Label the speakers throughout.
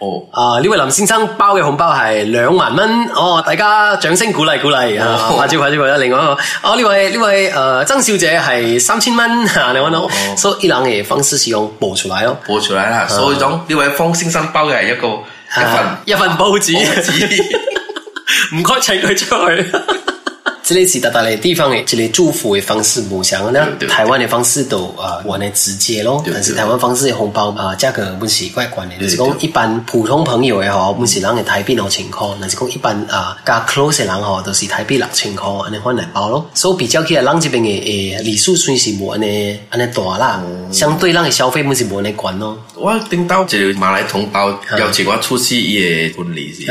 Speaker 1: 哦、oh.，啊，呢位林先生包嘅紅包係兩萬蚊，哦，大家掌聲鼓勵鼓勵，oh. 啊，快啲快啲快啲，另外一個，哦、啊，呢位呢位，誒、呃，曾小姐係三千蚊吓，你睇到，所以冷嘅方先生播出來咯，播出來啦，uh, 所以總
Speaker 2: 呢位方先生包嘅係一個一份、uh, 一份報紙，唔該， 請佢出去。
Speaker 1: 這類、個、習大大嘞地方誒，這類、個、祝福誒方式唔像安尼，對對對對台灣嘅方式都對對對啊，玩、啊、得直接咯。對對對但是台灣方式嘅紅包啊，價格唔是怪貴呢。是講一般普通朋友誒吼，唔、啊啊、是講嘅台幣六千塊，乃是講一般啊加 close 嘅人吼，都是台幣六千塊安尼換來包咯。所以比較起來，咱這邊嘅誒禮數算是唔安尼安尼
Speaker 2: 大啦，嗯嗯相對咱嘅消費唔是唔安尼貴咯。我聽到即係馬來同胞邀請我出席伊嘅婚禮時。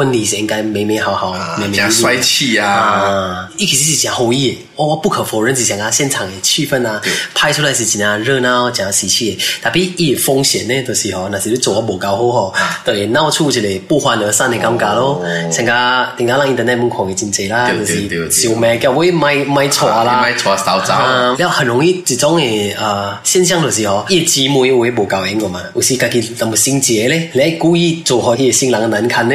Speaker 1: 婚禮是應該美美好好，加、啊、美美帥氣啊！尤、啊、其實是講後裔，我、哦、不可否認是講啊，現場的氣氛啊，拍出來是真啊熱鬧，真喜氣的。但比有風險呢，就是吼，那是你做啊無夠好吼，對 鬧出一個不歡而散嘅尷尬咯。 像個點、就是、啊，讓伊在門口嘅情節啦，就是笑面，叫我買買錯啦，買錯手然後很容易一種誒啊、呃、現象，就是吼，一姊妹會無教應個有有嘛？有時自己怎麼心急咧？ 你故意做好個新郎難堪呢？